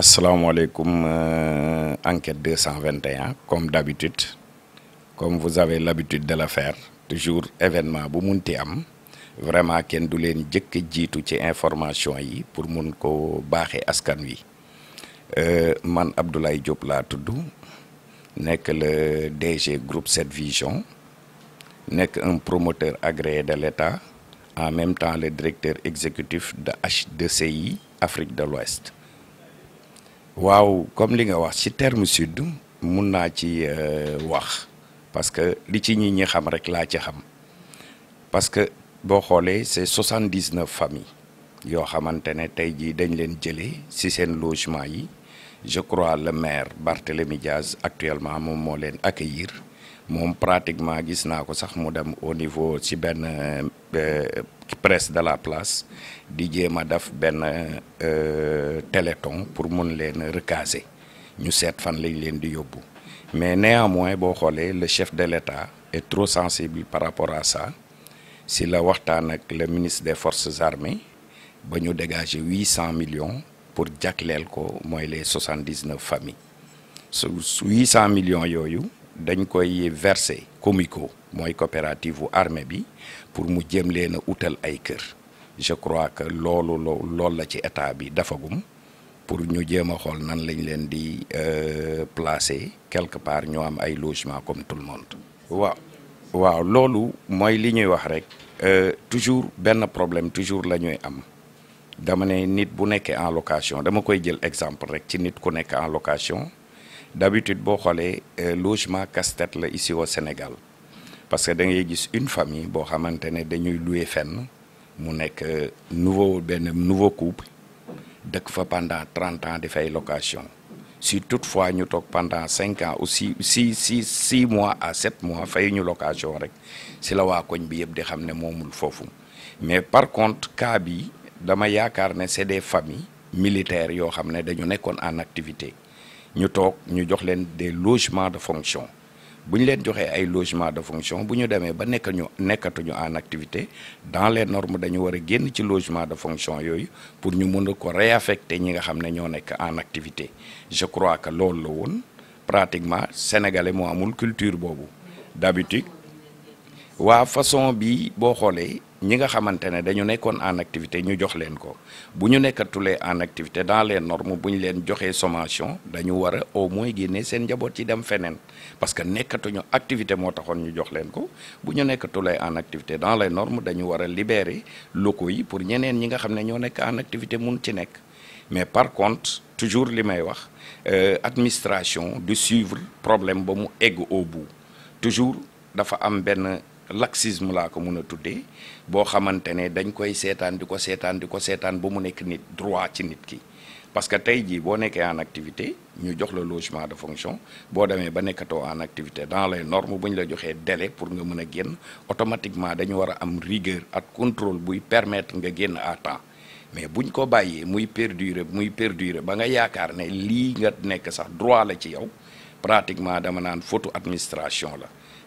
asalaamaaleykum euh, enquête 221 comme d'habitude comme vous avez l'habitude de la faire toujours événement bu munti am vraiment kenn du leen jëkk jiitu ci information yi pour mun ko baaxe askan wi euh, man Abdoulaye Diop laa tudd nekk le DG groupe 7 vision nekk un promoteur agréé de l'État en même temps le directeur exécutif de H2CI Afrique de l'Ouest waaw comme li nga wax ci terme sud mun naa ci euh, wax parce que li ci ñi ñi xam rek laa ci xam parce que boo xoolee c'est soixante-dix-neuf familles yoo xamante ne tey jii dañ leen jëlee ci seen logement yi je crois le maire Barthélémy Diaz actuellement moom moo leen accueillir moom pratiquement gis naa ko sax mu dem au niveau si benn euh, presse de la place di jéem a def benn euh, téléthon pour mun leen recaser ñu seet fan lañ leen di yóbbu mais néanmoins boo xoolee le chef de l'État est trop sensible par rapport à ça si la waxtaan ak le ministre des forces armées ba ñu dégager huit cent millions pour jagleel ko mooy les soixante-dix-neuf familles su huit cent millions yooyu dañ koy verser comico mooy coopérative bu armée bi pour mu jëm leen a utal ay kër je crois que loolu loolu la ci état bi dafagum pour ñu jéem a xool nan lañ leen di euh, placer quelque part ñu am ay logement comme tout le monde. waaw waaw loolu mooy li ñuy wax rek euh, toujours benn problème toujours la ñuy am dama ne nit bu nekkee en location dama koy jël exemple rek ci nit ku nekk en location. d'habitude boo xoolee euh, logement casse-tête la ici au Sénégal parce que da ngay gis une famille boo xamante ne dañuy louer fenn mu nekk euh, nouveau benn nouveau couple dëkk fa pendant trente ans di fay location si toutefois ñu toog pendant cinq ans ou si si six mois à sept mois fay ñu location rek si la waa koñ bi yëpp di xam ne moomul foofu mais par contre cas bi dama yaakaar ne c'est des familles militaires yoo xam ne dañu nekkoon en activité ñu toog ñu jox leen des logements de fonction bu ñu leen joxee ay logements de fonction bu ñu demee ba nekk ñu nekkatuñu en activité dans les normes dañu war a génn ci logement de fonction yooyu pour ñu mën a ko réaffecter ñi nga xam ne ñoo nekk en activité je crois que loolu la woon pratiquement sénégalais moo amul culture boobu d'habitude waa façon bi boo xoolee ñi nga xamante ne dañu nekkoon en activité ñu jox leen ko bu ñu nekkatulee en activité dans les norme bu ñu leen joxee sommation dañu war a au moins génne seen njaboot yi dem feneen parce que nekkatuñu activité moo taxoon ñu jox leen ko bu ñu nekkatulee en activité dans les norme dañu war a libérer locaux pour ñeneen ñi nga xam ne ñoo nekk en activité mun ci nekk mais par contre toujours li may wax euh, administration du suivre problème ba mu egg au bout toujours dafa am benn. laxisme laa ko mun a tuddee boo xamante ne dañ koy seetaan di ko seetaan di ko seetaan ba mu nekk nit droit ci nit ki parce que tey jii boo nekkee en activité ñu jox la logement de fonction boo demee ba nekkatoo en activité dans les normes bu ñu la joxee délai pour nga mën a génn automatiquement dañu war a am rigueur ak contrôle buy permettre nga génn à temps mais buñ ko bàyyee muy perdurer muy perdurer ba nga yaakaar ne lii nga nekk sax droit la ci yow pratiquement dama naan photo administration la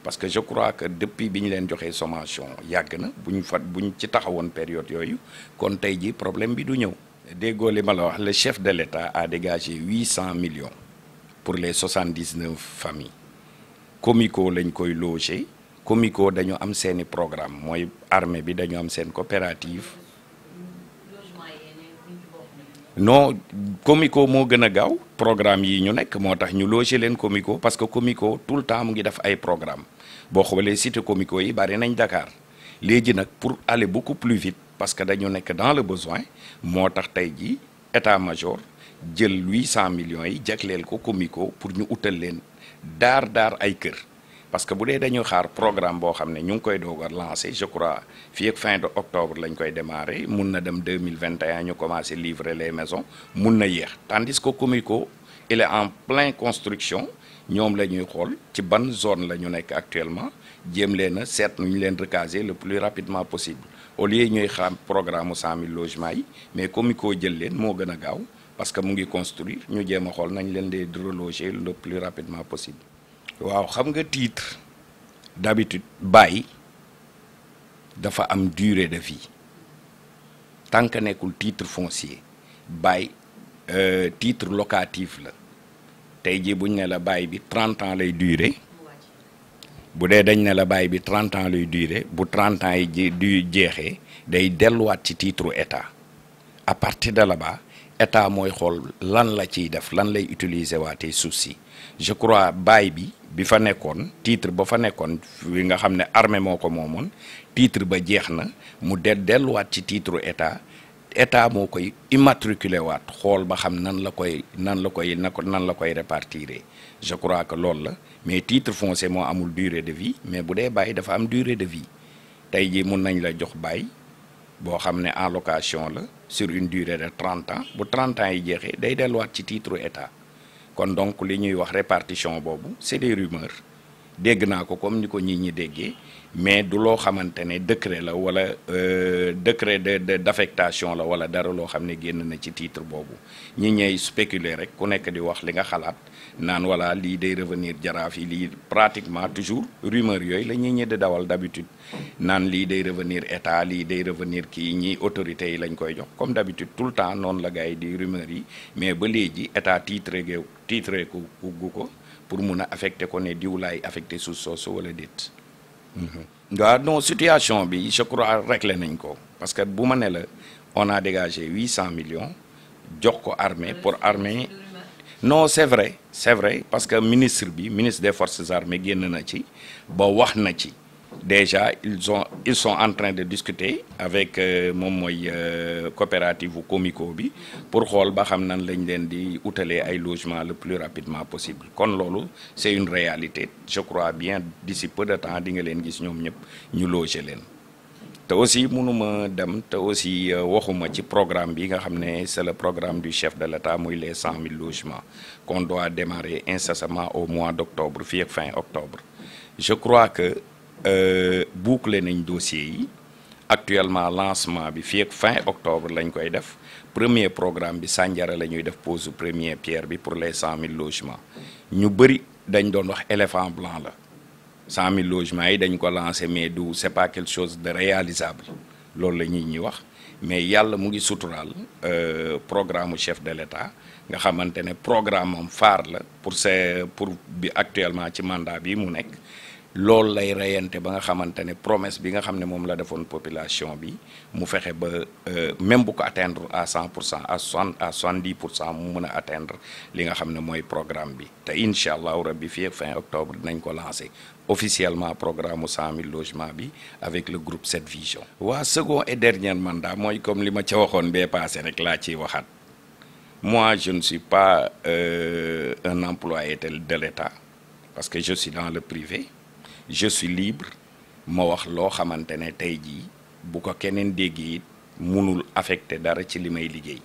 parce que je crois que depuis bi ñu leen joxee sommation yàgg na bu ñu fat bu ñu ci taxawoon période yooyu kon tey ji problème bi du ñëw déggoo li ma la wax le chef de l'État a dégagé huit cent millions pour les soixante-dix-neuf familles comico lañ koy logé comico dañu am seeni programme mooy armée bi dañu am seen coopérative non comico moo gën a gaaw programme yi ñu nekk moo tax ñu logé leen comico parce que comico tout le temps mu ngi def ay programme boo xoolee cité comico yi bari nañ Dakar léegi nag pour aller beaucoup plus vite parce que dañu nekk dans le besoin moo tax tey jii état major jël cent millions yi jagleel ko comico pour ñu utal leen daar daar ay kër parce que bu dee dañuy xaar programme boo xam ne ñu ngi koy doog a lancé je crois fi ak fin de octobre lañ koy démarrer mun na dem 2021 ñu commencé livrer les maisons mun na yéex tandis que Comico il est en plein construction ñoom la ñuy xool ci ban zone la ñu nekk actuellement jéem leen a seet nu ñu leen recaser le plus rapidement possible au lieu ñuy xam programme mu 100000 logements yi mais Comico jël leen moo gën a gaaw parce que mu ngi construire ñu jéem a xool nañ leen di reloger le plus possible waaw xam nga titre d'habitude bàyyi dafa am durée de vie tant que nekkul tiitre foncier bàyyi euh, titre locatif la tey jii buñ ne la bàyyi bi 30 ans lay durer bu dee dañ ne la bàyyi bi 30 ans lay durer bu 30 ans yi du jeexee day delluwaat ci titre état à partir de là-bas état mooy xool lan la ciy def lan lay utiliser waatee suuf si je crois bàyyi bi. bi fa nekkoon titre ba fa nekkoon wi nga xam ne armée moo ko moomoon titre ba jeex na mu de delluwaat ci titre état état moo koy immatriculé waat xool ba xam nan la koy nan la koy na nan la koy répartir je crois que loolu la mais titre foncier moo amul dure de vie mais bu dee bàyyi dafa am durée de vie tey jii mun nañ la jox bàyyi boo xam ne en location la sur une durée de trente ans bu trente ans yi jeexee day delluwaat ci titre état. kon donc li ñuy wax répartition boobu c'est des rumeurs dégg naa ko comme ni ko ñi ñi déggee mais du loo xamante ne décret la wala euh, décret de defectation la wala dara loo xam ne génn na ci titre boobu ñi ñey spéculer rek ku nekk di wax li nga xalaat naan wala lii day revenir jaraaf yi lii pratiquement toujours rumeur yooyu la ñi ñi di dawal d'habitude naan lii day revenir état lii day revenir kii ñi autorités yi lañ koy jox comme d'habitude tout le temps noonu la gars yi di rumeur yi mais ba léegi état titre titre ku gu ko pour mun a affecté ko ne diw laay affecté suuf soosu wala déet. waaw mhm. donc situation bi je crois réglé nañ ko parce que bu ma ne la on a dégagé huit cent millions jox ko armée pour armée non c'est vrai c'est vrai parce que ministre bi ministre des forces armées génn na ci ba wax na ci. déjà ils ont ils sont en train de discuter avec euh, moom mooy euh, coopérative bu Comico bi pour xool ba xam nan lañ leen di utalee ay logement le plus rapidement possible kon loolu c'est une réalité je crois bien d'ici peu de temps di nga leen gis ñoom ñëpp ñu loger leen te aussi mënuma dem te aussi euh, waxuma ci programme bi nga xam ne c'est le programme du chef de l'État muy les cent mille logements qu'on doit démarrer incessamment au mois d'octobre fii ak fin octobre je crois que Euh, boucler nañ dossier yi actuellement lancement bi fii ak fin octobre lañ koy def premier programme bi Sandiara la ñuy def pose premier pierre bi pour les cent mille logements ñu bëri dañ doon wax éléphant blanc la cent mille logements yi dañ ko lancé mais du c'est pas quelque chose de réalisable loolu la nit ñi wax mais yàlla mu ngi suturaal euh, programme chef de l'État nga xamante ne programme am phare la pour c'est pour bi actuellement ci mandat bii mu nekk loolu lay reyante ba nga xamante ne promesse bi nga xam ne moom la defoon population bi mu fexe ba euh, même bu ko atteindre à cent pour cent à soixante à soixante-dix pour cent mu mën a atteindre li nga xam ne mooy programme bi te incha allahu rabbi fii fin octobre nañ ko lancé officiellement programme mu cent mille logements bi avec le groupe 7 vision. waa second et dernier mandat mooy comme li ma ca waxoon bee passé rek laa ciy waxaat moi je ne suis pas euh, un employé de l'État parce que je suis dans le je suis libre ma wax loo xamante ne tey jii bu ko keneen déggee it munul affecté dara ci li may liggéey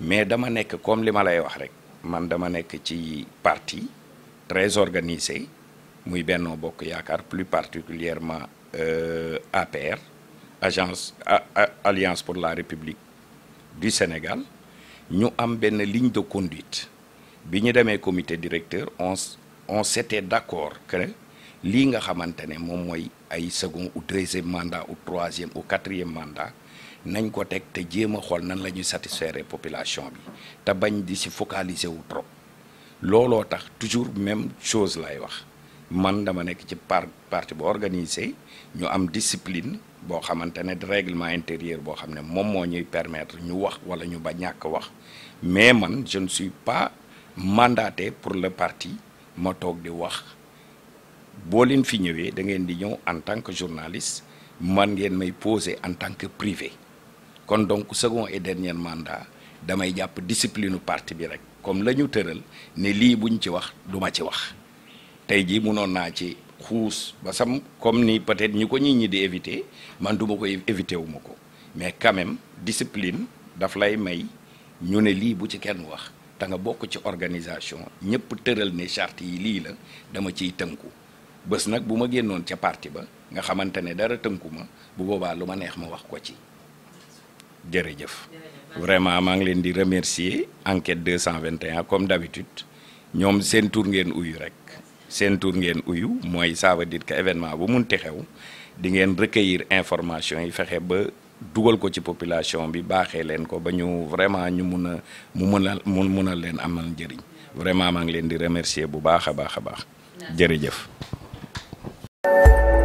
mais dama nekk comme li ma lay wax rek man dama nekk ci parti très organisé muy Benno Bokk Yaakaar plus particulièrement euh, APR agence a, a, Alliance pour la République du Sénégal ñu am benn ligne de conduite bi ñu demee comité directeur on on s'était d'accord que lii nga xamante ne moom mooy ay second ou deuxième mandat ou troisième ou quatrième mandat nañ ko teg te jéem a xool nan la ñuy satisfaire population bi te bañ di si focaliser wu trop looloo tax toujours même chose lay wax man dama nekk ci par parti bu organisé ñu am discipline boo xamante ne règlement intérieur boo xam ne moom moo ñuy permettre ñu wax wala ñu ba ñàkk wax mais man je ne suis pas mandaté pour le parti ma toog di wax boo leen fi ñëwee da ngeen di ñëw en tant que journaliste man ngeen may poser en tant que privé kon donc second et dernier mandat damay jàpp discipline parti bi rek comme la ñu tëral ne lii buñ ci wax duma ci wax tey jii munoon naa ci xuus ba sam comme ni peut-être ñi ko ñit ñi di éviter man du ma koy éviter wu ko mais quand même discipline daf lay may ñu ne lii bu ci kenn wax te nga bokk ci organisation ñëpp tëral ne charte yi lii la dama ciy tënku bës nag bu ma génnoon ca parti ba nga xamante ne dara tënku ma bu boobaa lu ma neex ma wax ko ci jërëjëf. vraiment maa ngi leen di remercier enquête 221 comme d'habitude ñoom seen tour ngeen uyu rek seen tour ngeen uyu mooy ça veut dire événement bu munti xew di ngeen recueillir information yi fexe ba dugal ko ci population bi baaxee leen ko ba ñu vraiment ñu mun a mu mun a mu mun a leen amal njëriñ vraiment maa ngi leen di remercier bu baax a baax a baax jërëjëf thank you